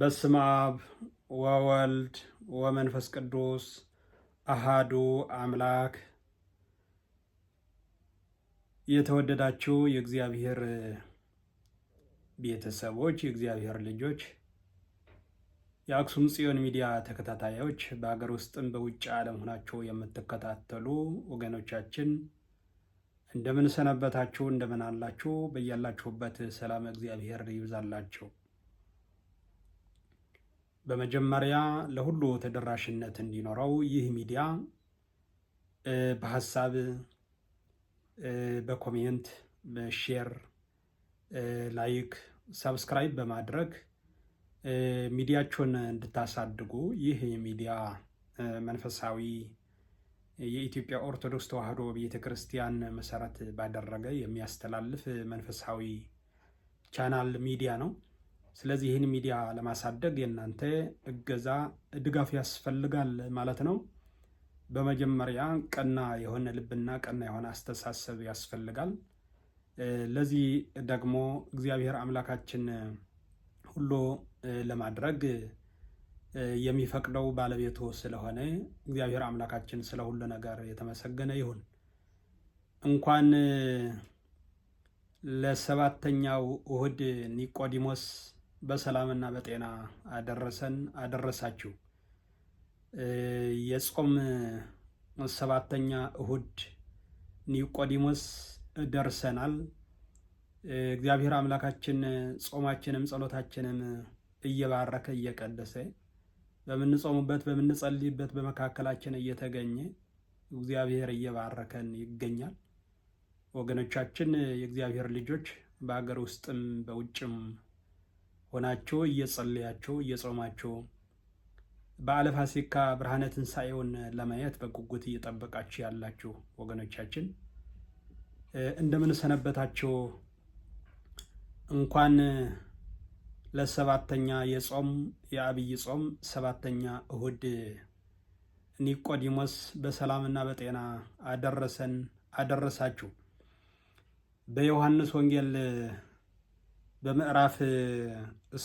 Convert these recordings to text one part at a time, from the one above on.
በስመ አብ ወወልድ ወመንፈስ ቅዱስ አሃዱ አምላክ። የተወደዳችሁ የእግዚአብሔር ቤተሰቦች፣ የእግዚአብሔር ልጆች፣ የአክሱም ጽዮን ሚዲያ ተከታታዮች፣ በሀገር ውስጥም በውጭ ዓለም ሆናችሁ የምትከታተሉ ወገኖቻችን እንደምን ሰነበታችሁ? እንደምን አላችሁ? በያላችሁበት ሰላም እግዚአብሔር ይብዛላችሁ። በመጀመሪያ ለሁሉ ተደራሽነት እንዲኖረው ይህ ሚዲያ በሀሳብ በኮሜንት በሼር ላይክ ሰብስክራይብ በማድረግ ሚዲያችሁን እንድታሳድጉ ይህ የሚዲያ መንፈሳዊ የኢትዮጵያ ኦርቶዶክስ ተዋሕዶ ቤተ ክርስቲያን መሰረት ባደረገ የሚያስተላልፍ መንፈሳዊ ቻናል ሚዲያ ነው። ስለዚህ ይህን ሚዲያ ለማሳደግ የእናንተ እገዛ ድጋፍ ያስፈልጋል ማለት ነው። በመጀመሪያ ቀና የሆነ ልብና ቀና የሆነ አስተሳሰብ ያስፈልጋል። ለዚህ ደግሞ እግዚአብሔር አምላካችን ሁሉ ለማድረግ የሚፈቅደው ባለቤቱ ስለሆነ እግዚአብሔር አምላካችን ስለ ሁሉ ነገር የተመሰገነ ይሁን። እንኳን ለሰባተኛው እሁድ ኒቆዲሞስ በሰላምና በጤና አደረሰን አደረሳችሁ። የጾም ሰባተኛ እሁድ ኒቆዲሞስ ደርሰናል። እግዚአብሔር አምላካችን ጾማችንም ጸሎታችንም እየባረከ እየቀደሰ በምንጾምበት በምንጸልይበት በመካከላችን እየተገኘ እግዚአብሔር እየባረከን ይገኛል። ወገኖቻችን የእግዚአብሔር ልጆች በአገር ውስጥም በውጭም ሆናችሁ እየጸለያችሁ እየጾማችሁ በዓለ ፋሲካ ብርሃነ ትንሣኤውን ለማየት በጉጉት እየጠበቃችሁ ያላችሁ ወገኖቻችን ሰነበታችሁ? እንኳን ለሰባተኛ የጾም የአብይ ጾም ሰባተኛ እሁድ ኒቆዲሞስ በሰላምና በጤና አደረሰን አደረሳችሁ። በዮሐንስ ወንጌል በምዕራፍ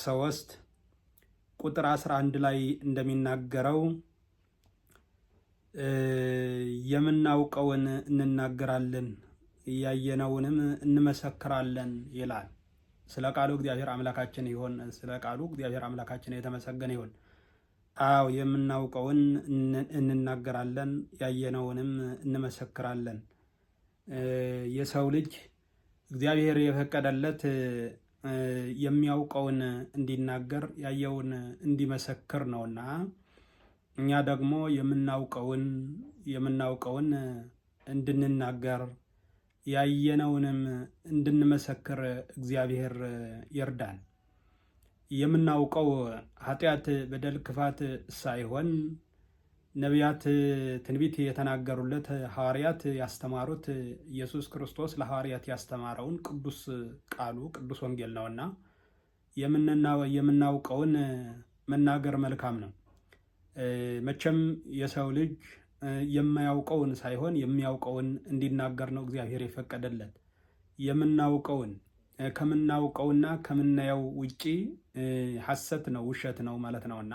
ሶስት ቁጥር 11 ላይ እንደሚናገረው የምናውቀውን እንናገራለን እያየነውንም እንመሰክራለን ይላል። ስለ ቃሉ እግዚአብሔር አምላካችን ይሆን። ስለ ቃሉ እግዚአብሔር አምላካችን የተመሰገነ ይሆን። አዎ የምናውቀውን እንናገራለን፣ ያየነውንም እንመሰክራለን። የሰው ልጅ እግዚአብሔር የፈቀደለት የሚያውቀውን እንዲናገር ያየውን እንዲመሰክር ነውና እኛ ደግሞ የምናውቀውን የምናውቀውን እንድንናገር ያየነውንም እንድንመሰክር እግዚአብሔር ይርዳን። የምናውቀው ኃጢአት፣ በደል፣ ክፋት ሳይሆን ነቢያት ትንቢት የተናገሩለት ሐዋርያት ያስተማሩት ኢየሱስ ክርስቶስ ለሐዋርያት ያስተማረውን ቅዱስ ቃሉ ቅዱስ ወንጌል ነውና የምናውቀውን መናገር መልካም ነው። መቼም የሰው ልጅ የማያውቀውን ሳይሆን የሚያውቀውን እንዲናገር ነው እግዚአብሔር የፈቀደለት። የምናውቀውን ከምናውቀውና ከምናየው ውጪ ሐሰት ነው ውሸት ነው ማለት ነውና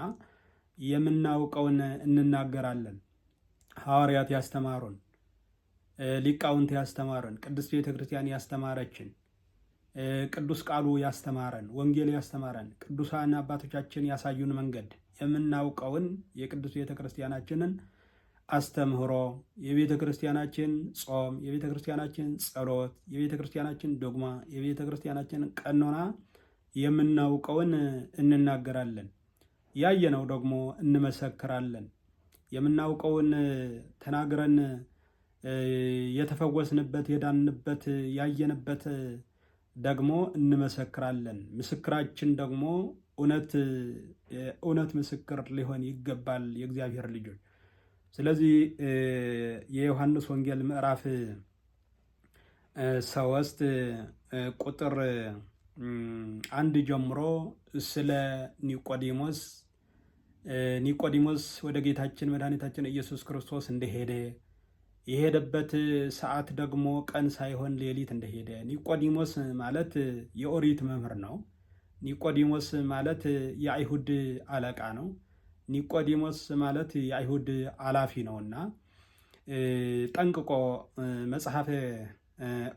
የምናውቀውን እንናገራለን። ሐዋርያት ያስተማሩን፣ ሊቃውንት ያስተማሩን፣ ቅድስት ቤተ ክርስቲያን ያስተማረችን፣ ቅዱስ ቃሉ ያስተማረን፣ ወንጌል ያስተማረን፣ ቅዱሳን አባቶቻችን ያሳዩን መንገድ የምናውቀውን የቅዱስ ቤተ ክርስቲያናችንን አስተምህሮ የቤተ ክርስቲያናችን ጾም፣ የቤተ ክርስቲያናችን ጸሎት፣ የቤተ ክርስቲያናችን ዶግማ፣ የቤተ ክርስቲያናችን ቀኖና የምናውቀውን እንናገራለን። ያየነው ደግሞ እንመሰክራለን። የምናውቀውን ተናግረን የተፈወስንበት የዳንበት ያየንበት ደግሞ እንመሰክራለን። ምስክራችን ደግሞ እውነት እውነት ምስክር ሊሆን ይገባል የእግዚአብሔር ልጆች። ስለዚህ የዮሐንስ ወንጌል ምዕራፍ ሶስት ቁጥር አንድ ጀምሮ ስለ ኒቆዲሞስ ኒቆዲሞስ ወደ ጌታችን መድኃኒታችን ኢየሱስ ክርስቶስ እንደሄደ የሄደበት ሰዓት ደግሞ ቀን ሳይሆን ሌሊት እንደሄደ። ኒቆዲሞስ ማለት የኦሪት መምህር ነው። ኒቆዲሞስ ማለት የአይሁድ አለቃ ነው። ኒቆዲሞስ ማለት የአይሁድ አላፊ ነውና ጠንቅቆ መጽሐፈ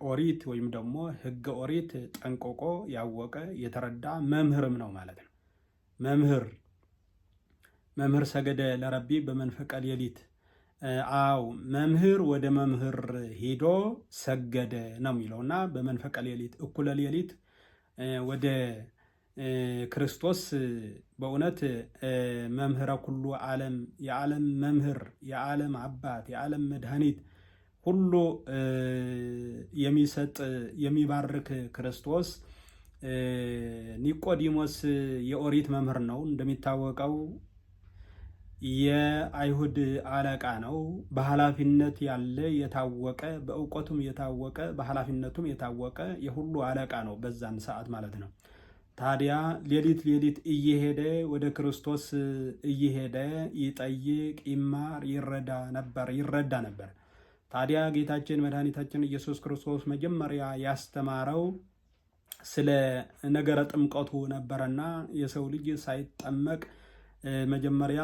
ኦሪት ወይም ደግሞ ሕገ ኦሪት ጠንቅቆ ያወቀ የተረዳ መምህርም ነው ማለት ነው። መምህር መምህር ሰገደ ለረቢ በመንፈቀ ሌሊት አው መምህር ወደ መምህር ሄዶ ሰገደ ነው የሚለውና በመንፈቀ ሌሊት እኩለ ሌሊት ወደ ክርስቶስ በእውነት መምህረ ኩሉ ዓለም የዓለም መምህር የዓለም አባት የዓለም መድኃኒት ሁሉ የሚሰጥ የሚባርክ ክርስቶስ ኒቆዲሞስ የኦሪት መምህር ነው እንደሚታወቀው የአይሁድ አለቃ ነው። በኃላፊነት ያለ የታወቀ በእውቀቱም የታወቀ በኃላፊነቱም የታወቀ የሁሉ አለቃ ነው በዛን ሰዓት ማለት ነው። ታዲያ ሌሊት ሌሊት እየሄደ ወደ ክርስቶስ እየሄደ ይጠይቅ፣ ይማር፣ ይረዳ ነበር ይረዳ ነበር። ታዲያ ጌታችን መድኃኒታችን ኢየሱስ ክርስቶስ መጀመሪያ ያስተማረው ስለ ነገረ ጥምቀቱ ነበረና የሰው ልጅ ሳይጠመቅ መጀመሪያ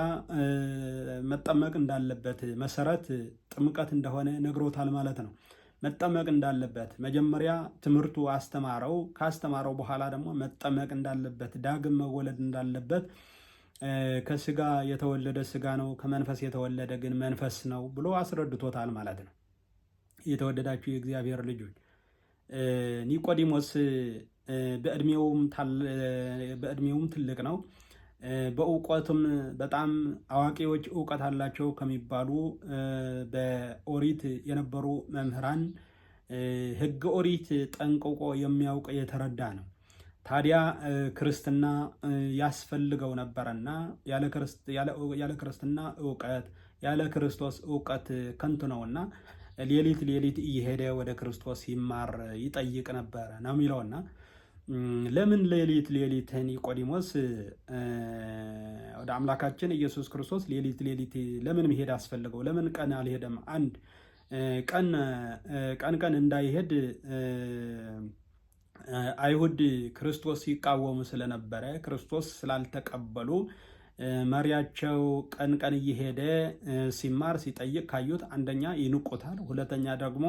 መጠመቅ እንዳለበት መሰረት ጥምቀት እንደሆነ ነግሮታል ማለት ነው። መጠመቅ እንዳለበት መጀመሪያ ትምህርቱ አስተማረው። ካስተማረው በኋላ ደግሞ መጠመቅ እንዳለበት ዳግም መወለድ እንዳለበት ከስጋ የተወለደ ስጋ ነው፣ ከመንፈስ የተወለደ ግን መንፈስ ነው ብሎ አስረድቶታል ማለት ነው። የተወደዳችሁ የእግዚአብሔር ልጆች ኒቆዲሞስ በእድሜውም ትልቅ ነው። በእውቀትም በጣም አዋቂዎች እውቀት አላቸው ከሚባሉ በኦሪት የነበሩ መምህራን ህግ ኦሪት ጠንቅቆ የሚያውቅ የተረዳ ነው። ታዲያ ክርስትና ያስፈልገው ነበረና ያለ ክርስትና እውቀት ያለ ክርስቶስ እውቀት ከንቱ ነውና ሌሊት ሌሊት እየሄደ ወደ ክርስቶስ ይማር ይጠይቅ ነበረ ነው የሚለውና ለምን ሌሊት ሌሊት ኒቆዲሞስ ወደ አምላካችን ኢየሱስ ክርስቶስ ሌሊት ሌሊት ለምን መሄድ አስፈልገው? ለምን ቀን አልሄደም? አንድ ቀን ቀን ቀን እንዳይሄድ አይሁድ ክርስቶስ ሲቃወሙ ስለነበረ ክርስቶስ ስላልተቀበሉ መሪያቸው ቀን ቀን እየሄደ ሲማር ሲጠይቅ ካዩት አንደኛ ይንቁታል፣ ሁለተኛ ደግሞ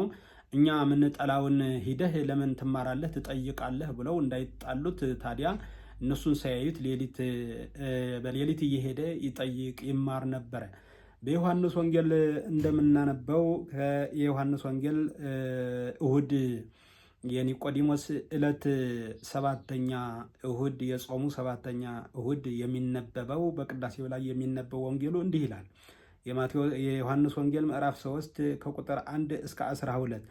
እኛ የምንጠላውን ሂደህ ለምን ትማራለህ ትጠይቃለህ ብለው እንዳይጣሉት ታዲያ እነሱን ሳያዩት በሌሊት እየሄደ ይጠይቅ ይማር ነበረ። በዮሐንስ ወንጌል እንደምናነበው የዮሐንስ ወንጌል እሁድ የኒቆዲሞስ ዕለት ሰባተኛ እሁድ የጾሙ ሰባተኛ እሁድ የሚነበበው በቅዳሴው ላይ የሚነበበው ወንጌሉ እንዲህ ይላል የዮሐንስ ወንጌል ምዕራፍ 3 ከቁጥር 1 እስከ 12።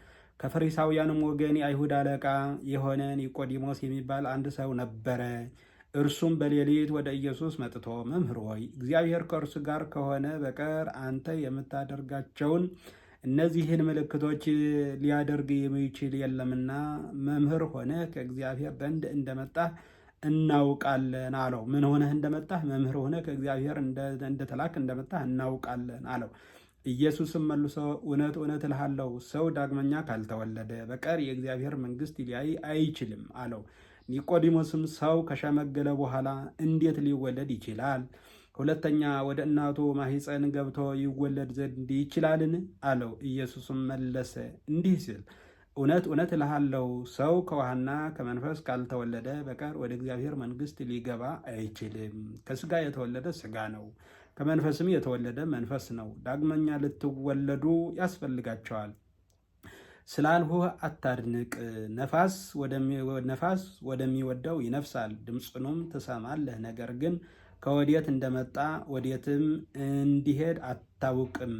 ከፈሪሳውያንም ወገን የአይሁድ አለቃ የሆነ ኒቆዲሞስ የሚባል አንድ ሰው ነበረ። እርሱም በሌሊት ወደ ኢየሱስ መጥቶ መምህር ሆይ እግዚአብሔር ከእርሱ ጋር ከሆነ በቀር አንተ የምታደርጋቸውን እነዚህን ምልክቶች ሊያደርግ የሚችል የለምና መምህር ሆነ ከእግዚአብሔር ዘንድ እንደመጣ እናውቃለን አለው። ምን ሆነህ እንደመጣህ መምህር ሆነ ከእግዚአብሔር እንደተላክ እንደመጣህ እናውቃለን አለው። ኢየሱስም መልሶ እውነት እውነት እልሃለሁ ሰው ዳግመኛ ካልተወለደ በቀር የእግዚአብሔር መንግሥት ሊያይ አይችልም አለው። ኒቆዲሞስም ሰው ከሸመገለ በኋላ እንዴት ሊወለድ ይችላል? ሁለተኛ ወደ እናቱ ማኅፀን ገብቶ ይወለድ ዘንድ ይችላልን? አለው። ኢየሱስም መለሰ እንዲህ ሲል እውነት እውነት እልሃለሁ ሰው ከውሃና ከመንፈስ ካልተወለደ በቀር ወደ እግዚአብሔር መንግሥት ሊገባ አይችልም። ከስጋ የተወለደ ስጋ ነው፣ ከመንፈስም የተወለደ መንፈስ ነው። ዳግመኛ ልትወለዱ ያስፈልጋቸዋል። ስላልሁህ አታድንቅ። ነፋስ ወደሚወደው ይነፍሳል፣ ድምፁንም ትሰማለህ፣ ነገር ግን ከወዴት እንደመጣ ወዴትም እንዲሄድ አታውቅም።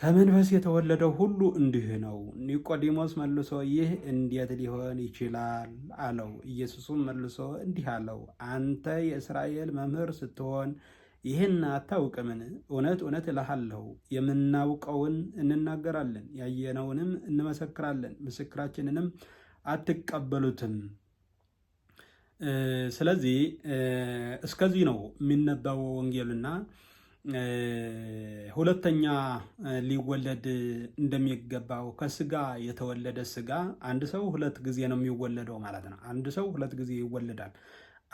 ከመንፈስ የተወለደው ሁሉ እንዲህ ነው። ኒቆዲሞስ መልሶ ይህ እንዴት ሊሆን ይችላል አለው። ኢየሱስም መልሶ እንዲህ አለው፣ አንተ የእስራኤል መምህር ስትሆን ይህን አታውቅምን? እውነት እውነት እልሃለሁ የምናውቀውን እንናገራለን፣ ያየነውንም እንመሰክራለን፣ ምስክራችንንም አትቀበሉትም። ስለዚህ እስከዚህ ነው የሚነበበው ወንጌልና ሁለተኛ ሊወለድ እንደሚገባው ከስጋ የተወለደ ስጋ አንድ ሰው ሁለት ጊዜ ነው የሚወለደው ማለት ነው። አንድ ሰው ሁለት ጊዜ ይወለዳል።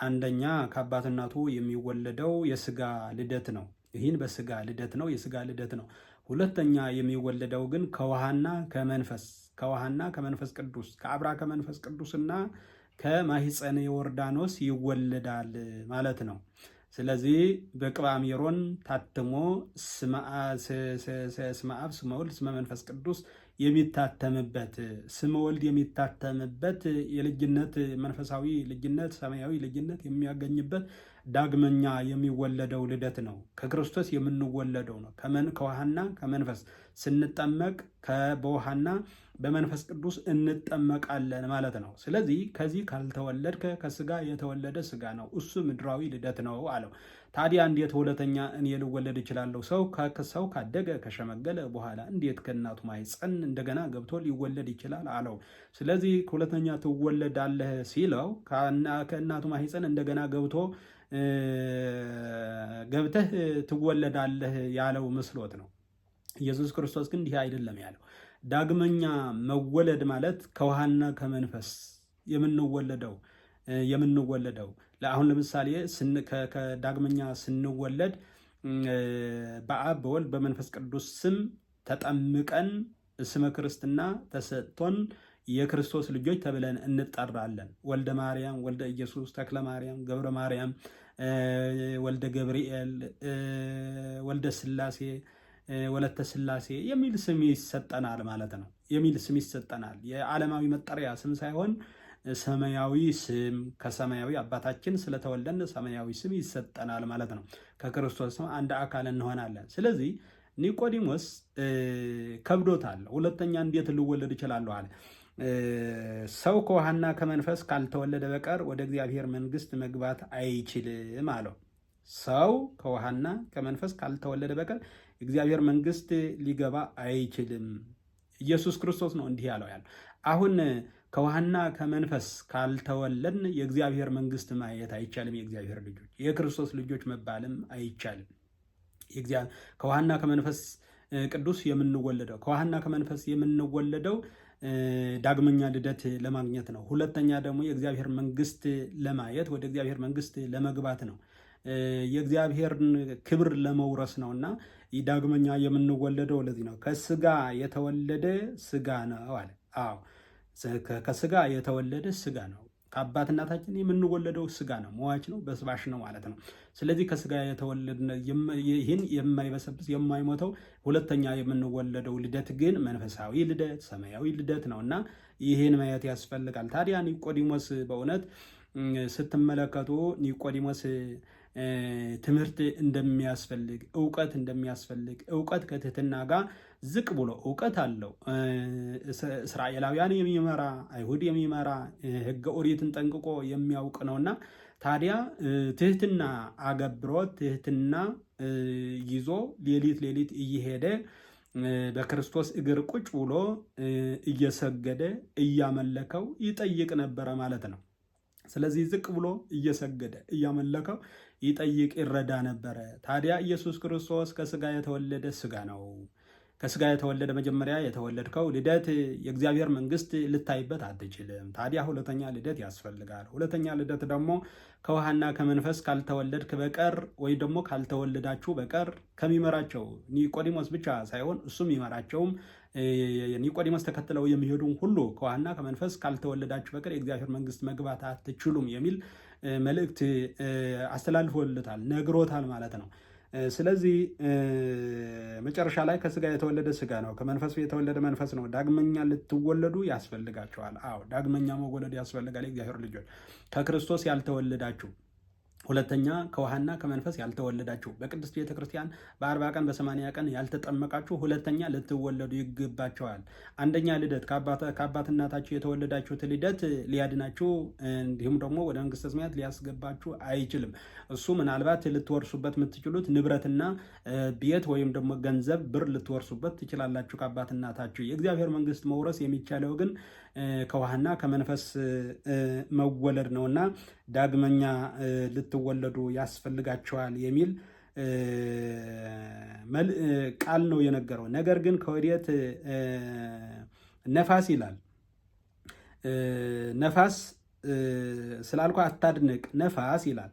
አንደኛ ከአባት እናቱ የሚወለደው የስጋ ልደት ነው። ይህን በስጋ ልደት ነው፣ የስጋ ልደት ነው። ሁለተኛ የሚወለደው ግን ከውሃና ከመንፈስ ከውሃና ከመንፈስ ቅዱስ ከአብራ ከመንፈስ ቅዱስና ከማህፀነ ዮርዳኖስ ይወለዳል ማለት ነው። ስለዚህ በቅብዓ ሜሮን ታትሞ ስመ አብ ስመ ወልድ ስመ መንፈስ ቅዱስ የሚታተምበት ስመ ወልድ የሚታተምበት የልጅነት መንፈሳዊ ልጅነት ሰማያዊ ልጅነት የሚያገኝበት ዳግመኛ የሚወለደው ልደት ነው። ከክርስቶስ የምንወለደው ነው። ከውሃና ከመንፈስ ስንጠመቅ በውሃና በመንፈስ ቅዱስ እንጠመቃለን ማለት ነው። ስለዚህ ከዚህ ካልተወለድከ ከስጋ የተወለደ ስጋ ነው፣ እሱ ምድራዊ ልደት ነው አለው። ታዲያ እንዴት ሁለተኛ እኔ ልወለድ እችላለሁ? ሰው ከሰው ካደገ ከሸመገለ በኋላ እንዴት ከእናቱ ማህፀን እንደገና ገብቶ ሊወለድ ይችላል አለው። ስለዚህ ሁለተኛ ትወለዳለህ ሲለው ከእናቱ ማህፀን እንደገና ገብቶ ገብተህ ትወለዳለህ ያለው መስሎት ነው። ኢየሱስ ክርስቶስ ግን እንዲህ አይደለም ያለው። ዳግመኛ መወለድ ማለት ከውሃና ከመንፈስ የምንወለደው የምንወለደው አሁን ለምሳሌ ከዳግመኛ ስንወለድ በአብ በወልድ በመንፈስ ቅዱስ ስም ተጠምቀን ስመ ክርስትና ተሰጥቶን የክርስቶስ ልጆች ተብለን እንጠራለን። ወልደ ማርያም፣ ወልደ ኢየሱስ፣ ተክለ ማርያም፣ ገብረ ማርያም፣ ወልደ ገብርኤል፣ ወልደ ስላሴ፣ ወለተ ስላሴ የሚል ስም ይሰጠናል ማለት ነው። የሚል ስም ይሰጠናል የዓለማዊ መጠሪያ ስም ሳይሆን ሰማያዊ ስም ከሰማያዊ አባታችን ስለተወለድን ሰማያዊ ስም ይሰጠናል ማለት ነው። ከክርስቶስ አንድ አካል እንሆናለን። ስለዚህ ኒቆዲሞስ ከብዶታል። ሁለተኛ እንዴት ልወለድ እችላለሁ አለ። ሰው ከውሃና ከመንፈስ ካልተወለደ በቀር ወደ እግዚአብሔር መንግስት መግባት አይችልም አለው። ሰው ከውሃና ከመንፈስ ካልተወለደ በቀር እግዚአብሔር መንግስት ሊገባ አይችልም። ኢየሱስ ክርስቶስ ነው እንዲህ ያለው ያለው አሁን ከውሃና ከመንፈስ ካልተወለድን የእግዚአብሔር መንግስት ማየት አይቻልም። የእግዚአብሔር ልጆች የክርስቶስ ልጆች መባልም አይቻልም። ከውሃና ከመንፈስ ቅዱስ የምንወለደው ከውሃና ከመንፈስ የምንወለደው ዳግመኛ ልደት ለማግኘት ነው። ሁለተኛ ደግሞ የእግዚአብሔር መንግስት ለማየት ወደ እግዚአብሔር መንግስት ለመግባት ነው። የእግዚአብሔርን ክብር ለመውረስ ነው እና ዳግመኛ የምንወለደው ለዚህ ነው። ከስጋ የተወለደ ስጋ ነው አለ። አዎ ከስጋ የተወለደ ስጋ ነው። ከአባትናታችን የምንወለደው ስጋ ነው፣ መዋች ነው፣ በስባሽ ነው ማለት ነው። ስለዚህ ከስጋ የተወለድነ ይህን የማይበሰብስ የማይሞተው ሁለተኛ የምንወለደው ልደት ግን መንፈሳዊ ልደት፣ ሰማያዊ ልደት ነው እና ይህን ማየት ያስፈልጋል። ታዲያ ኒቆዲሞስ በእውነት ስትመለከቱ ኒቆዲሞስ ትምህርት እንደሚያስፈልግ፣ እውቀት እንደሚያስፈልግ እውቀት ከትህትና ጋር ዝቅ ብሎ እውቀት አለው። እስራኤላውያን የሚመራ አይሁድ የሚመራ ህገ ኦሪትን ጠንቅቆ የሚያውቅ ነውና ታዲያ ትህትና አገብሮ ትህትና ይዞ ሌሊት ሌሊት እየሄደ በክርስቶስ እግር ቁጭ ብሎ እየሰገደ እያመለከው ይጠይቅ ነበረ ማለት ነው። ስለዚህ ዝቅ ብሎ እየሰገደ እያመለከው ይጠይቅ ይረዳ ነበረ። ታዲያ ኢየሱስ ክርስቶስ ከስጋ የተወለደ ስጋ ነው። ከስጋ የተወለደ መጀመሪያ የተወለድከው ልደት የእግዚአብሔር መንግስት ልታይበት አትችልም። ታዲያ ሁለተኛ ልደት ያስፈልጋል። ሁለተኛ ልደት ደግሞ ከውሃና ከመንፈስ ካልተወለድክ በቀር ወይ ደግሞ ካልተወለዳችሁ በቀር ከሚመራቸው ኒቆዲሞስ ብቻ ሳይሆን እሱም ይመራቸውም ኒቆዲሞስ ተከትለው የሚሄዱም ሁሉ ከዋና ከመንፈስ ካልተወለዳችሁ በቀር የእግዚአብሔር መንግስት መግባት አትችሉም የሚል መልእክት አስተላልፎልታል ነግሮታል ማለት ነው። ስለዚህ መጨረሻ ላይ ከስጋ የተወለደ ስጋ ነው፣ ከመንፈስ የተወለደ መንፈስ ነው። ዳግመኛ ልትወለዱ ያስፈልጋቸዋል። አዎ ዳግመኛ መወለድ ያስፈልጋል። የእግዚአብሔር ልጆች ከክርስቶስ ያልተወለዳችሁ ሁለተኛ ከውሃና ከመንፈስ ያልተወለዳችሁ በቅድስት ቤተ ክርስቲያን በአርባ ቀን በሰማንያ ቀን ያልተጠመቃችሁ ሁለተኛ ልትወለዱ ይገባቸዋል። አንደኛ ልደት ከአባትናታችሁ የተወለዳችሁት ልደት ሊያድናችሁ እንዲሁም ደግሞ ወደ መንግስተ ሰማያት ሊያስገባችሁ አይችልም። እሱ ምናልባት ልትወርሱበት የምትችሉት ንብረትና ቤት ወይም ደግሞ ገንዘብ፣ ብር ልትወርሱበት ትችላላችሁ ከአባትናታችሁ። የእግዚአብሔር መንግስት መውረስ የሚቻለው ግን ከውሃና ከመንፈስ መወለድ ነውና ዳግመኛ ልትወለዱ ያስፈልጋቸዋል የሚል ቃል ነው የነገረው። ነገር ግን ከወዴት ነፋስ ይላል። ነፋስ ስላልኳ አታድንቅ፣ ነፋስ ይላል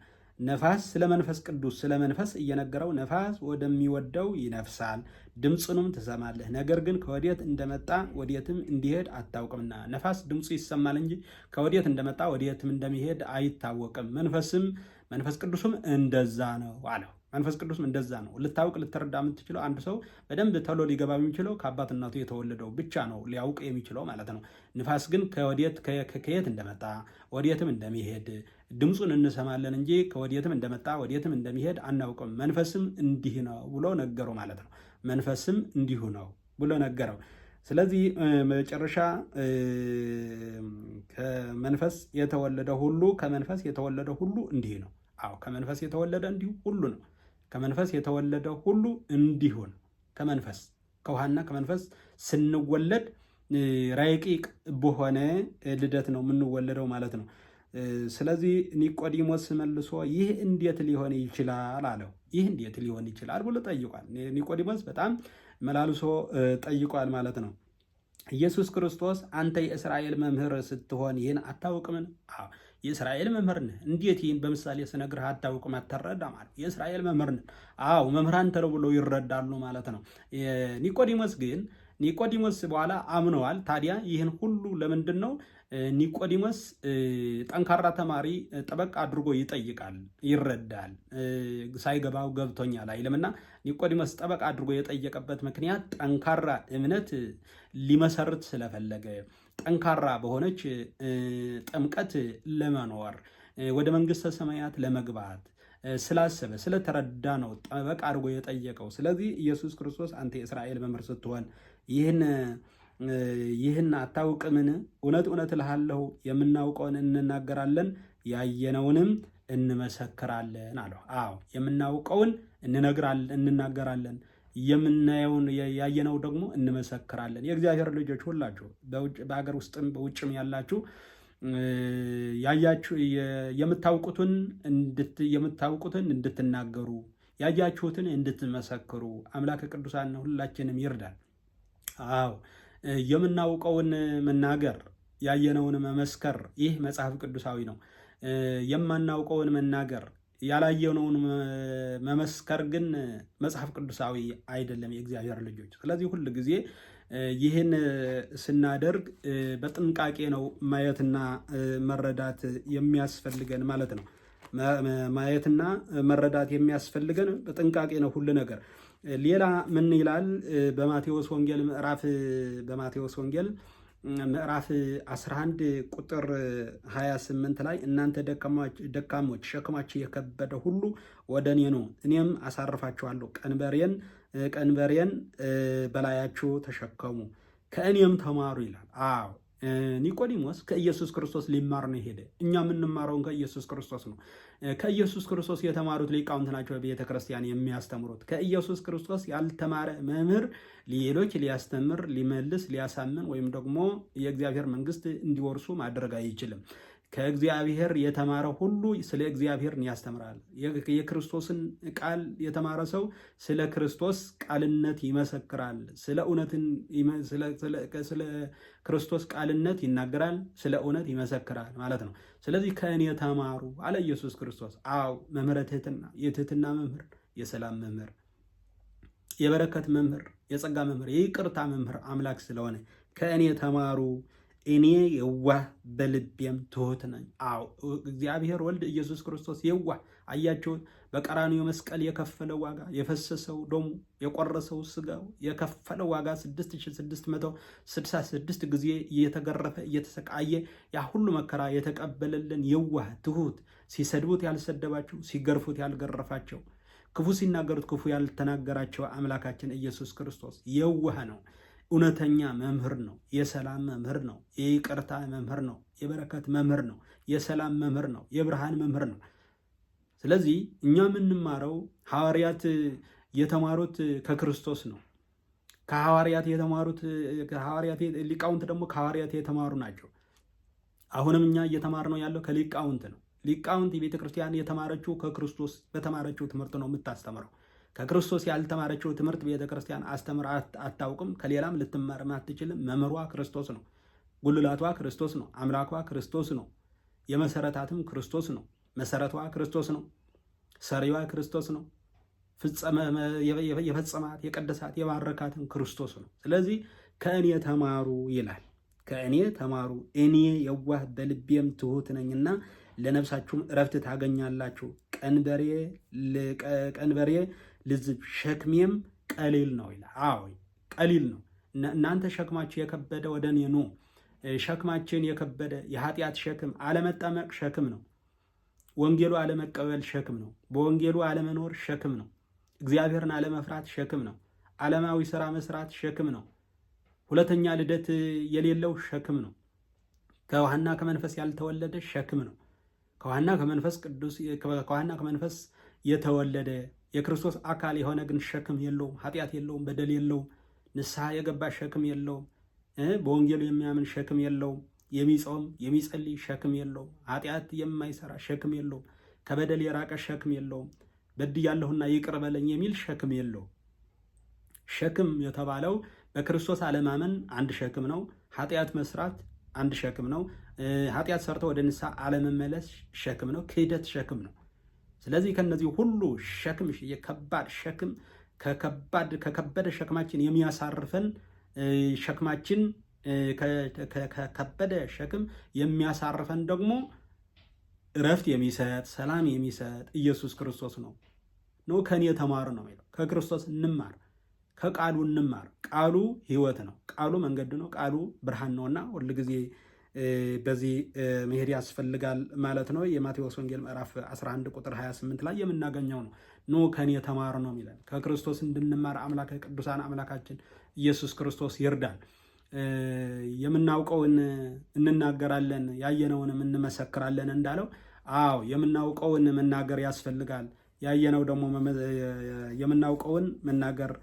ነፋስ ስለ መንፈስ ቅዱስ ስለ መንፈስ እየነገረው ነፋስ ወደሚወደው ይነፍሳል፣ ድምፁንም ትሰማለህ፣ ነገር ግን ከወዴት እንደመጣ ወዴትም እንዲሄድ አታውቅምና። ነፋስ ድምፁ ይሰማል እንጂ ከወዴት እንደመጣ ወዴትም እንደሚሄድ አይታወቅም። መንፈስም መንፈስ ቅዱስም እንደዛ ነው አለው። መንፈስ ቅዱስም እንደዛ ነው። ልታውቅ ልትረዳ የምትችለው አንድ ሰው በደንብ ተሎ ሊገባ የሚችለው ከአባት የተወለደው ብቻ ነው ሊያውቅ የሚችለው ማለት ነው። ንፋስ ግን ከወዴት ከየት እንደመጣ ወዴትም እንደሚሄድ ድምፁን እንሰማለን እንጂ ከወዴትም እንደመጣ ወዴትም እንደሚሄድ አናውቅም። መንፈስም እንዲህ ነው ብሎ ነገረው ማለት ነው። መንፈስም እንዲሁ ነው ብሎ ነገረው። ስለዚህ መጨረሻ ከመንፈስ የተወለደ ሁሉ ከመንፈስ የተወለደ ሁሉ እንዲህ ነው። አዎ ከመንፈስ የተወለደ እንዲሁ ሁሉ ነው። ከመንፈስ የተወለደ ሁሉ እንዲሁ ነው። ከመንፈስ ከውሃና ከመንፈስ ስንወለድ ረቂቅ በሆነ ልደት ነው የምንወለደው ማለት ነው። ስለዚህ ኒቆዲሞስ መልሶ ይህ እንዴት ሊሆን ይችላል አለው። ይህ እንዴት ሊሆን ይችላል ብሎ ጠይቋል። ኒቆዲሞስ በጣም መላልሶ ጠይቋል ማለት ነው። ኢየሱስ ክርስቶስ አንተ የእስራኤል መምህር ስትሆን ይህን አታውቅምን? የእስራኤል መምህር ነህ። እንዴት ይህን በምሳሌ ስነግርህ አታውቅም አታረዳም? አለ። የእስራኤል መምህር ነህ። አዎ መምህራን ተለው ብሎ ይረዳሉ ማለት ነው። ኒቆዲሞስ ግን ኒቆዲሞስ በኋላ አምነዋል። ታዲያ ይህን ሁሉ ለምንድን ነው ኒቆዲሞስ ጠንካራ ተማሪ ጠበቅ አድርጎ ይጠይቃል፣ ይረዳል። ሳይገባው ገብቶኛል አይልምና ኒቆዲሞስ ጠበቅ አድርጎ የጠየቀበት ምክንያት ጠንካራ እምነት ሊመሰርት ስለፈለገ ጠንካራ በሆነች ጥምቀት ለመኖር ወደ መንግስተ ሰማያት ለመግባት ስላሰበ ስለተረዳ ነው ጠበቅ አድርጎ የጠየቀው። ስለዚህ ኢየሱስ ክርስቶስ አንተ የእስራኤል መምህር ስትሆን ይህን ይህን አታውቅምን? እውነት እውነት እልሃለሁ የምናውቀውን እንናገራለን ያየነውንም እንመሰክራለን አለ። አዎ የምናውቀውን እንናገራለን የምናየውን ያየነው ደግሞ እንመሰክራለን። የእግዚአብሔር ልጆች ሁላችሁ በሀገር ውስጥም በውጭም ያላችሁ ያያችሁ የምታውቁትን የምታውቁትን እንድትናገሩ ያያችሁትን እንድትመሰክሩ አምላክ ቅዱሳን ሁላችንም ይርዳል። አዎ የምናውቀውን መናገር ያየነውን መመስከር፣ ይህ መጽሐፍ ቅዱሳዊ ነው። የማናውቀውን መናገር ያላየነውን መመስከር ግን መጽሐፍ ቅዱሳዊ አይደለም የእግዚአብሔር ልጆች። ስለዚህ ሁል ጊዜ ይህን ስናደርግ በጥንቃቄ ነው ማየትና መረዳት የሚያስፈልገን ማለት ነው። ማየትና መረዳት የሚያስፈልገን በጥንቃቄ ነው ሁሉ ነገር ሌላ ምን ይላል? በማቴዎስ ወንጌል ምዕራፍ በማቴዎስ ወንጌል ምዕራፍ 11 ቁጥር 28 ላይ እናንተ ደካሞች ሸክማችሁ የከበደ ሁሉ ወደ እኔ ነው እኔም አሳርፋችኋለሁ፣ ቀንበሬን ቀንበሬን በላያችሁ ተሸከሙ ከእኔም ተማሩ ይላል። አዎ ኒቆዲሞስ ከኢየሱስ ክርስቶስ ሊማር ነው የሄደ። እኛ የምንማረውን ከኢየሱስ ክርስቶስ ነው። ከኢየሱስ ክርስቶስ የተማሩት ሊቃውንት ናቸው ቤተ ክርስቲያን የሚያስተምሩት። ከኢየሱስ ክርስቶስ ያልተማረ መምህር ሌሎች ሊያስተምር፣ ሊመልስ፣ ሊያሳምን ወይም ደግሞ የእግዚአብሔር መንግስት እንዲወርሱ ማድረግ አይችልም። ከእግዚአብሔር የተማረ ሁሉ ስለ እግዚአብሔርን ያስተምራል። የክርስቶስን ቃል የተማረ ሰው ስለ ክርስቶስ ቃልነት ይመሰክራል። ስለ እውነትን ስለ ክርስቶስ ቃልነት ይናገራል፣ ስለ እውነት ይመሰክራል ማለት ነው። ስለዚህ ከእኔ ተማሩ አለ ኢየሱስ ክርስቶስ። አዎ መምህረ ትህትና፣ የትህትና መምህር፣ የሰላም መምህር፣ የበረከት መምህር፣ የጸጋ መምህር፣ የይቅርታ መምህር አምላክ ስለሆነ ከእኔ ተማሩ እኔ የዋህ በልቤም ትሁት ነኝ። አዎ እግዚአብሔር ወልድ ኢየሱስ ክርስቶስ የዋህ አያቸው በቀራንዮ መስቀል የከፈለው ዋጋ የፈሰሰው ደሙ የቆረሰው ስጋው የከፈለው ዋጋ 6666 ጊዜ እየተገረፈ እየተሰቃየ ያ ሁሉ መከራ የተቀበለልን የዋህ ትሁት፣ ሲሰድቡት ያልሰደባቸው፣ ሲገርፉት ያልገረፋቸው፣ ክፉ ሲናገሩት ክፉ ያልተናገራቸው አምላካችን ኢየሱስ ክርስቶስ የዋህ ነው። እውነተኛ መምህር ነው። የሰላም መምህር ነው። የይቅርታ መምህር ነው። የበረከት መምህር ነው። የሰላም መምህር ነው። የብርሃን መምህር ነው። ስለዚህ እኛ የምንማረው ሐዋርያት የተማሩት ከክርስቶስ ነው። ከሐዋርያት የተማሩት ከሐዋርያት ሊቃውንት ደግሞ ከሐዋርያት የተማሩ ናቸው። አሁንም እኛ እየተማርነው ያለው ከሊቃውንት ነው። ሊቃውንት የቤተ ክርስቲያን የተማረችው ከክርስቶስ በተማረችው ትምህርት ነው የምታስተምረው። ከክርስቶስ ያልተማረችው ትምህርት ቤተክርስቲያን አስተምር አታውቅም። ከሌላም ልትማርም አትችልም። መምህሯ ክርስቶስ ነው። ጉልላቷ ክርስቶስ ነው። አምላኳ ክርስቶስ ነው። የመሰረታትም ክርስቶስ ነው። መሰረቷ ክርስቶስ ነው። ሰሪዋ ክርስቶስ ነው። የፈጸማት የቀደሳት የባረካትም ክርስቶስ ነው። ስለዚህ ከእኔ ተማሩ ይላል። ከእኔ ተማሩ እኔ የዋህ በልቤም ትሑት ነኝና ለነፍሳችሁም እረፍት ታገኛላችሁ። ቀንበሬ ልዝብ ሸክሜም ቀሊል ነው ይላል። ቀሊል ነው። እናንተ ሸክማችሁ የከበደ ወደ እኔ ኑ። ሸክማችን የከበደ የኃጢአት ሸክም አለመጠመቅ ሸክም ነው። ወንጌሉ አለመቀበል ሸክም ነው። በወንጌሉ አለመኖር ሸክም ነው። እግዚአብሔርን አለመፍራት ሸክም ነው። ዓለማዊ ስራ መስራት ሸክም ነው። ሁለተኛ ልደት የሌለው ሸክም ነው። ከውሃና ከመንፈስ ያልተወለደ ሸክም ነው። ከውሃና ከመንፈስ ቅዱስ ከውሃና ከመንፈስ የተወለደ የክርስቶስ አካል የሆነ ግን ሸክም የለውም፣ ኃጢአት የለውም፣ በደል የለውም፣ ንስሐ የገባ ሸክም የለውም፣ በወንጌሉ የሚያምን ሸክም የለውም፣ የሚጾም የሚጸልይ ሸክም የለውም፣ ኃጢአት የማይሰራ ሸክም የለውም፣ ከበደል የራቀ ሸክም የለውም፣ በድያለሁና ይቅር በለኝ የሚል ሸክም የለውም። ሸክም የተባለው በክርስቶስ አለማመን አንድ ሸክም ነው። ኃጢአት መስራት አንድ ሸክም ነው። ኃጢአት ሰርተው ወደ ንስሐ አለመመለስ ሸክም ነው። ክህደት ሸክም ነው። ስለዚህ ከነዚህ ሁሉ ሸክም የከባድ ሸክም ከከባድ ከከበደ ሸክማችን የሚያሳርፈን ሸክማችን ከከበደ ሸክም የሚያሳርፈን ደግሞ እረፍት የሚሰጥ ሰላም የሚሰጥ ኢየሱስ ክርስቶስ ነው ነው ከኔ ተማሩ ነው የሚለው። ከክርስቶስ እንማር፣ ከቃሉ እንማር። ቃሉ ህይወት ነው። ቃሉ መንገድ ነው። ቃሉ ብርሃን ነውና ሁልጊዜ በዚህ መሄድ ያስፈልጋል ማለት ነው። የማቴዎስ ወንጌል ምዕራፍ 11 ቁጥር 28 ላይ የምናገኘው ነው። ኖ ከኔ ተማር ነው የሚለን። ከክርስቶስ እንድንማር አምላከ ቅዱሳን አምላካችን ኢየሱስ ክርስቶስ ይርዳል። የምናውቀውን እንናገራለን፣ ያየነውንም እንመሰክራለን እንዳለው፣ አዎ የምናውቀውን መናገር ያስፈልጋል። ያየነው ደግሞ የምናውቀውን መናገር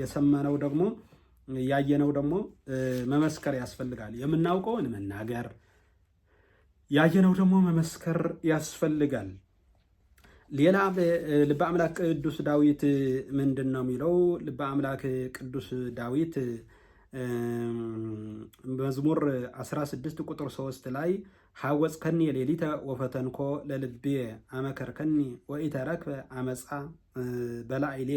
የሰማነው ደግሞ ያየነው ደግሞ መመስከር ያስፈልጋል። የምናውቀውን መናገር፣ ያየነው ደግሞ መመስከር ያስፈልጋል። ሌላ ልበ አምላክ ቅዱስ ዳዊት ምንድን ነው የሚለው? ልበ አምላክ ቅዱስ ዳዊት መዝሙር 16 ቁጥር 3 ላይ ሐወጽከኒ ሌሊተ ወፈተንኮ ለልቤ አመከርከኒ ወኢተረክበ አመፃ በላዕሌ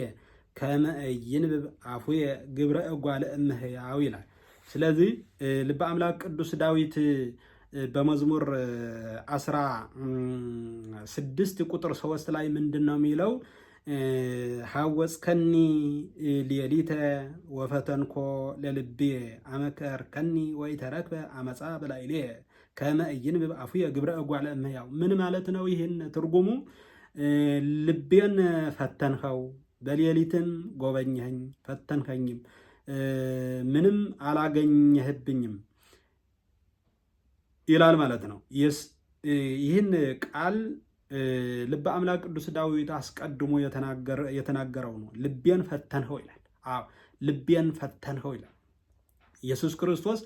ከመ ይንብብ አፉየ ግብረ እጓለ እምህያው ይላል። ስለዚህ ልበ አምላክ ቅዱስ ዳዊት በመዝሙር ስድስት ቁጥር ሶስት ላይ ምንድን ነው የሚለው? ሐወጽከኒ ሌሊተ ወፈተንኮ ለልቤ አመከርከኒ ወይ ተረክበ አመፃ በላዕሌየ ከመ ይንብብ አፉየ ግብረ እጓለ እምሕያው ምን ማለት ነው? ይህን ትርጉሙ ልቤን ፈተንኸው በሌሊትም ጎበኘኸኝ ፈተንኸኝም፣ ምንም አላገኘህብኝም ይላል ማለት ነው። ይህን ቃል ልበ አምላክ ቅዱስ ዳዊት አስቀድሞ የተናገረው ነው። ልቤን ፈተንኸው ይላል። አዎ ልቤን ፈተንኸው ይላል ኢየሱስ ክርስቶስ።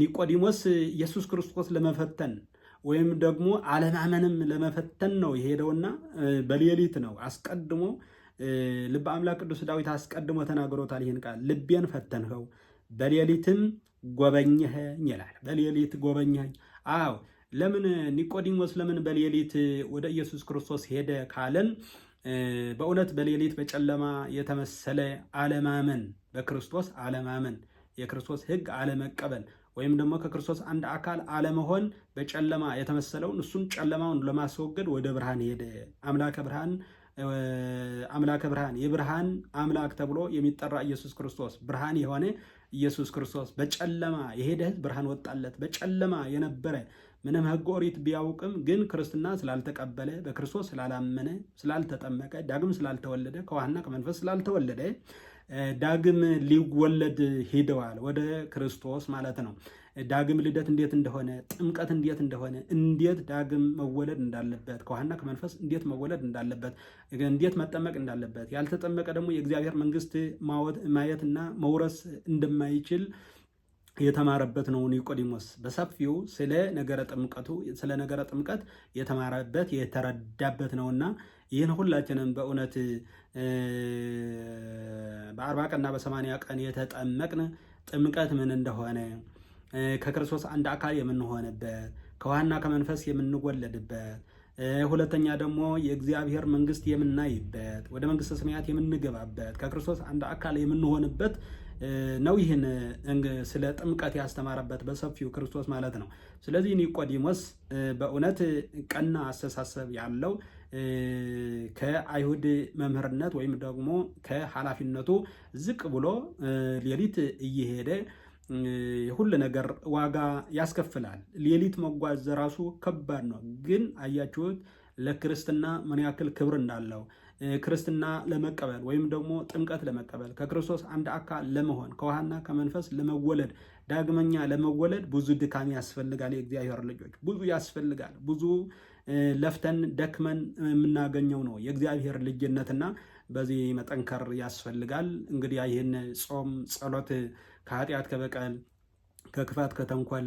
ኒቆዲሞስ ኢየሱስ ክርስቶስ ለመፈተን ወይም ደግሞ አለማመንም ለመፈተን ነው የሄደውና በሌሊት ነው አስቀድሞ ልበ አምላክ ቅዱስ ዳዊት አስቀድሞ ተናግሮታል። ይህን ቃል ልቤን ፈተንኸው በሌሊትም ጎበኘኸኝ ይላል። በሌሊት ጎበኘኸኝ። አዎ ለምን ኒቆዲሞስ ለምን በሌሊት ወደ ኢየሱስ ክርስቶስ ሄደ ካለን በእውነት በሌሊት በጨለማ የተመሰለ አለማመን፣ በክርስቶስ አለማመን፣ የክርስቶስ ሕግ አለመቀበል ወይም ደግሞ ከክርስቶስ አንድ አካል አለመሆን በጨለማ የተመሰለውን እሱን ጨለማውን ለማስወገድ ወደ ብርሃን ሄደ። አምላከ ብርሃን አምላከ ብርሃን የብርሃን አምላክ ተብሎ የሚጠራ ኢየሱስ ክርስቶስ ብርሃን የሆነ ኢየሱስ ክርስቶስ በጨለማ የሄደ ሕዝብ ብርሃን ወጣለት። በጨለማ የነበረ ምንም ሕገ ኦሪት ቢያውቅም ግን ክርስትና ስላልተቀበለ በክርስቶስ ስላላመነ፣ ስላልተጠመቀ፣ ዳግም ስላልተወለደ፣ ከውሃና ከመንፈስ ስላልተወለደ ዳግም ሊወለድ ሂደዋል ወደ ክርስቶስ ማለት ነው። ዳግም ልደት እንዴት እንደሆነ፣ ጥምቀት እንዴት እንደሆነ፣ እንዴት ዳግም መወለድ እንዳለበት፣ ከውሃና ከመንፈስ እንዴት መወለድ እንዳለበት፣ እንዴት መጠመቅ እንዳለበት፣ ያልተጠመቀ ደግሞ የእግዚአብሔር መንግስት ማየትና መውረስ እንደማይችል የተማረበት ነው። ኒቆዲሞስ በሰፊው ስለ ነገረ ጥምቀቱ ስለ ነገረ ጥምቀት የተማረበት የተረዳበት ነውና ይህን ሁላችንም በእውነት በአርባ ቀንና በሰማንያ ቀን የተጠመቅን ጥምቀት ምን እንደሆነ ከክርስቶስ አንድ አካል የምንሆንበት ከዋና ከመንፈስ የምንወለድበት ሁለተኛ ደግሞ የእግዚአብሔር መንግስት የምናይበት ወደ መንግስተ ሰማያት የምንገባበት ከክርስቶስ አንድ አካል የምንሆንበት ነው። ይህን ስለ ጥምቀት ያስተማረበት በሰፊው ክርስቶስ ማለት ነው። ስለዚህ ኒቆዲሞስ በእውነት ቀና አስተሳሰብ ያለው ከአይሁድ መምህርነት ወይም ደግሞ ከኃላፊነቱ ዝቅ ብሎ ሌሊት እየሄደ ሁሉ ነገር ዋጋ ያስከፍላል። ሌሊት መጓዝ ራሱ ከባድ ነው። ግን አያችሁት ለክርስትና ምን ያክል ክብር እንዳለው ክርስትና ለመቀበል ወይም ደግሞ ጥምቀት ለመቀበል ከክርስቶስ አንድ አካል ለመሆን ከውሃና ከመንፈስ ለመወለድ ዳግመኛ ለመወለድ ብዙ ድካም ያስፈልጋል። የእግዚአብሔር ልጆች ብዙ ያስፈልጋል። ብዙ ለፍተን ደክመን የምናገኘው ነው የእግዚአብሔር ልጅነትና በዚህ መጠንከር ያስፈልጋል። እንግዲህ ይህን ጾም ጸሎት ከኃጢአት፣ ከበቀል፣ ከክፋት፣ ከተንኮል፣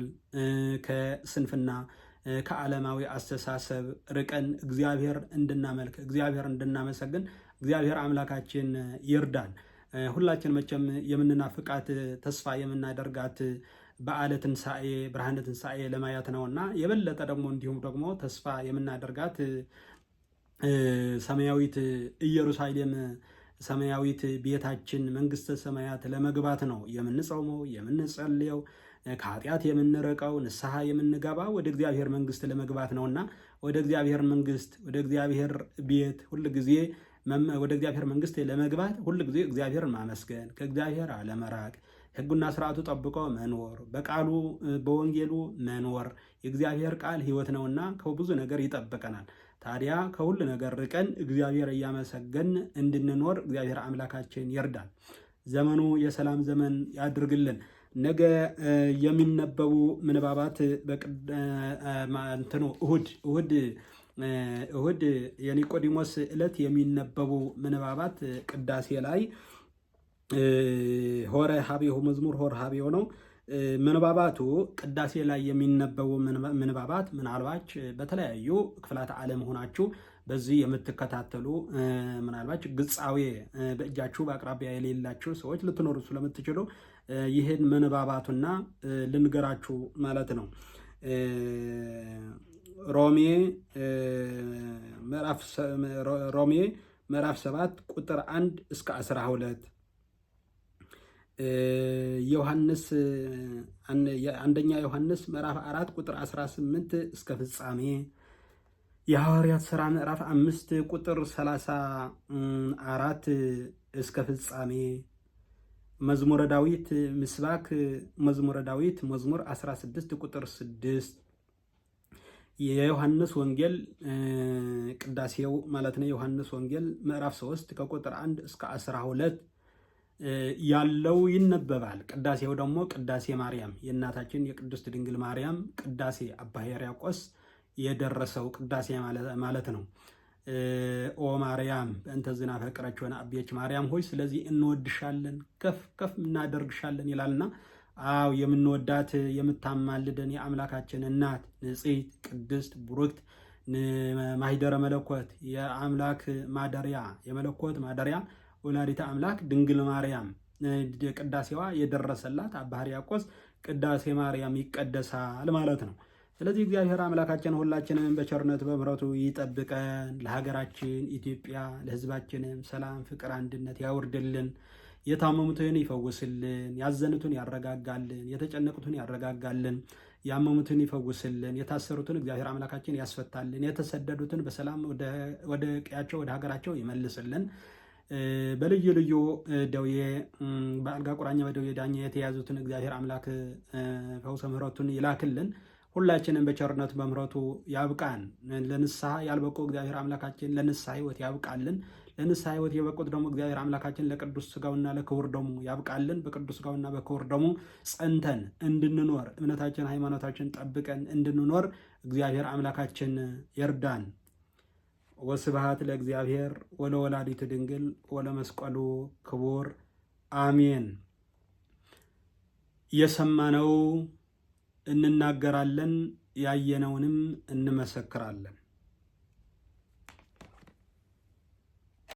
ከስንፍና፣ ከዓለማዊ አስተሳሰብ ርቀን እግዚአብሔር እንድናመልክ እግዚአብሔር እንድናመሰግን እግዚአብሔር አምላካችን ይርዳን። ሁላችን መቼም የምንናፍቃት ተስፋ የምናደርጋት በዓለ ትንሣኤ ብርሃነ ትንሣኤ ለማየት ነውና የበለጠ ደግሞ እንዲሁም ደግሞ ተስፋ የምናደርጋት ሰማያዊት ኢየሩሳሌም ሰማያዊት ቤታችን መንግስተ ሰማያት ለመግባት ነው የምንጾመው የምንጸልየው ከኃጢአት የምንረቀው ንስሐ የምንገባ ወደ እግዚአብሔር መንግስት ለመግባት ነውና ወደ እግዚአብሔር መንግስት ወደ እግዚአብሔር ቤት ሁል ጊዜ ወደ እግዚአብሔር መንግስት ለመግባት ሁል ጊዜ እግዚአብሔርን ማመስገን ከእግዚአብሔር አለመራቅ ህጉና ስርዓቱ ጠብቆ መኖር በቃሉ በወንጌሉ መኖር የእግዚአብሔር ቃል ህይወት ነውና ከብዙ ነገር ይጠብቀናል። ታዲያ ከሁሉ ነገር ርቀን እግዚአብሔር እያመሰገን እንድንኖር እግዚአብሔር አምላካችን ይርዳል። ዘመኑ የሰላም ዘመን ያድርግልን። ነገ የሚነበቡ ምንባባት እንትኑ እሁድ እሁድ እሁድ የኒቆዲሞስ ዕለት የሚነበቡ ምንባባት ቅዳሴ ላይ ሆረ ሀቤሁ መዝሙር ሆረ ሀቤሁ ነው። ምንባባቱ ቅዳሴ ላይ የሚነበቡ ምንባባት ምናልባች በተለያዩ ክፍላት ዓለም ሆናችሁ በዚህ የምትከታተሉ ምናልባች ግፃዊ በእጃችሁ በአቅራቢያ የሌላችሁ ሰዎች ልትኖሩ ስለምትችሉ ይህን ምንባባቱና ልንገራችሁ ማለት ነው። ሮሜ ሮሜ ምዕራፍ ሰባት ቁጥር አንድ እስከ አስራ ሁለት ዮሐንስ አንደኛ ዮሐንስ ምዕራፍ አራት ቁጥር 18 እስከ ፍጻሜ የሐዋርያት ሥራ ምዕራፍ አምስት ቁጥር 34 እስከ ፍጻሜ መዝሙረ ዳዊት ምስባክ መዝሙረ ዳዊት መዝሙር 16 ቁጥር 6 የዮሐንስ ወንጌል ቅዳሴው ማለት ነው። ዮሐንስ ወንጌል ምዕራፍ 3 ከቁጥር 1 እስከ 12 ያለው ይነበባል። ቅዳሴው ደግሞ ቅዳሴ ማርያም የእናታችን የቅድስት ድንግል ማርያም ቅዳሴ አባ ሕርያቆስ የደረሰው ቅዳሴ ማለት ነው። ኦ ማርያም በእንተ ዝና ፈቅረችሆን አብየች ማርያም ሆይ ስለዚህ እንወድሻለን ከፍ ከፍ እናደርግሻለን ይላልና፣ አው የምንወዳት የምታማልደን የአምላካችን እናት ንጽሕት፣ ቅድስት፣ ቡርክት ማሂደረ መለኮት የአምላክ ማደሪያ የመለኮት ማደሪያ ወላዲተ አምላክ ድንግል ማርያም ቅዳሴዋ የደረሰላት አባ ሕርያቆስ ቅዳሴ ማርያም ይቀደሳል ማለት ነው። ስለዚህ እግዚአብሔር አምላካችን ሁላችንም በቸርነት በምሕረቱ ይጠብቀን። ለሀገራችን ኢትዮጵያ ለሕዝባችንም ሰላም፣ ፍቅር፣ አንድነት ያውርድልን። የታመሙትን ይፈውስልን፣ ያዘኑትን ያረጋጋልን፣ የተጨነቁትን ያረጋጋልን፣ ያመሙትን ይፈውስልን፣ የታሰሩትን እግዚአብሔር አምላካችን ያስፈታልን፣ የተሰደዱትን በሰላም ወደ ቀያቸው ወደ ሀገራቸው ይመልስልን። በልዩ ልዩ ደዌ በአልጋ ቁራኛ በደዌ ዳኛ የተያዙትን እግዚአብሔር አምላክ ፈውሰ ምሕረቱን ይላክልን። ሁላችንም በቸርነቱ በምሕረቱ ያብቃን። ለንስሐ ያልበቁ እግዚአብሔር አምላካችን ለንስሐ ሕይወት ያብቃልን። ለንስሐ ሕይወት የበቁት ደግሞ እግዚአብሔር አምላካችን ለቅዱስ ስጋውና ለክቡር ደሙ ያብቃልን። በቅዱስ ስጋውና በክቡር ደሙ ጸንተን እንድንኖር እምነታችን ሃይማኖታችን ጠብቀን እንድንኖር እግዚአብሔር አምላካችን ይርዳን። ወስብሃት ለእግዚአብሔር ወለወላዲቱ ድንግል ወለመስቀሉ ክቡር አሜን። የሰማነው እንናገራለን፣ ያየነውንም እንመሰክራለን።